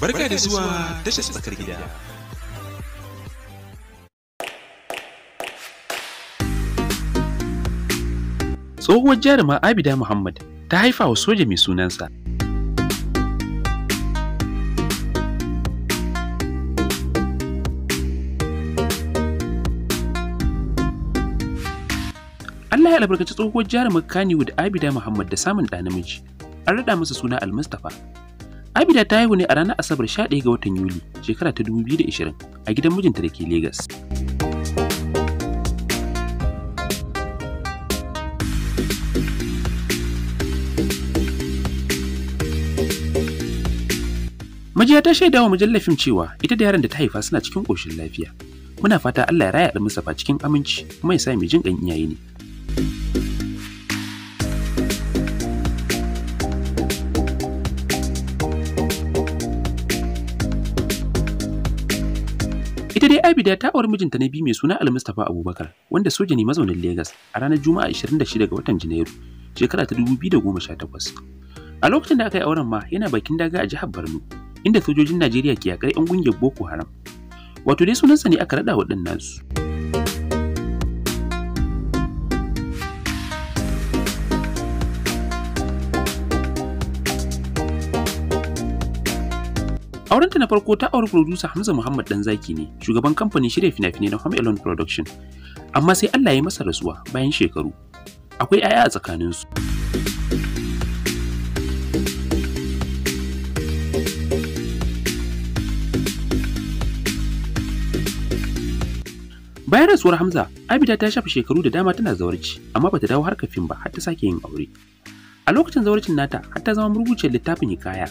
Barka da zuwa tashar tsakar gida. Tsohuwar jaruma Abida Muhammad ta haifa wa soja mai sunansa. Allah ya albarkaci tsohuwar jarumar Kaniwood Abida Muhammad da samun ɗa namiji. An raɗa masa suna Al-Mustapha. Abida ta haihu ne a ranar Asabar 11 ga watan Yuli shekara ta 2020 a gidan mijinta da ke Legas. Majiya ta shaidawa wa mujallar fim cewa ita da yaran da ta haifa suna cikin ƙoshin lafiya. Muna fata Allah ya raya da musafa cikin aminci kuma ya sa mai jin ƙan iyaye ne. Ita dai Abida ta auri mijinta na biyu mai suna Ali Mustapha Abubakar, wanda soja ne mazaunin Legas a ranar Juma'a 26 ga watan Janairu, shekara ta 2018. A lokacin da aka yi auren ma yana bakin daga a jihar Borno, inda sojojin Najeriya ke yakar 'yan gungiyar Boko Haram. Wato dai sunansa ne aka raɗa waɗannan su. Aurenta na farko ta auri producer Hamza Muhammad zaki ne, shugaban kamfanin shirya fina-finai na Home Alone Production. Amma sai Allah ya masa rasuwa bayan shekaru. Akwai 'ya'ya a tsakaninsu. Bayan rasuwar Hamza, Abida ta shafe shekaru da dama tana zawarci, amma bata dawo harkar fim ba har ta sake yin aure. A lokacin zawarcin nata, har ta zama murguciyar littafin hikaya,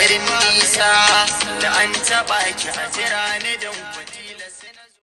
garin nisa da an taɓa ki a jira ni don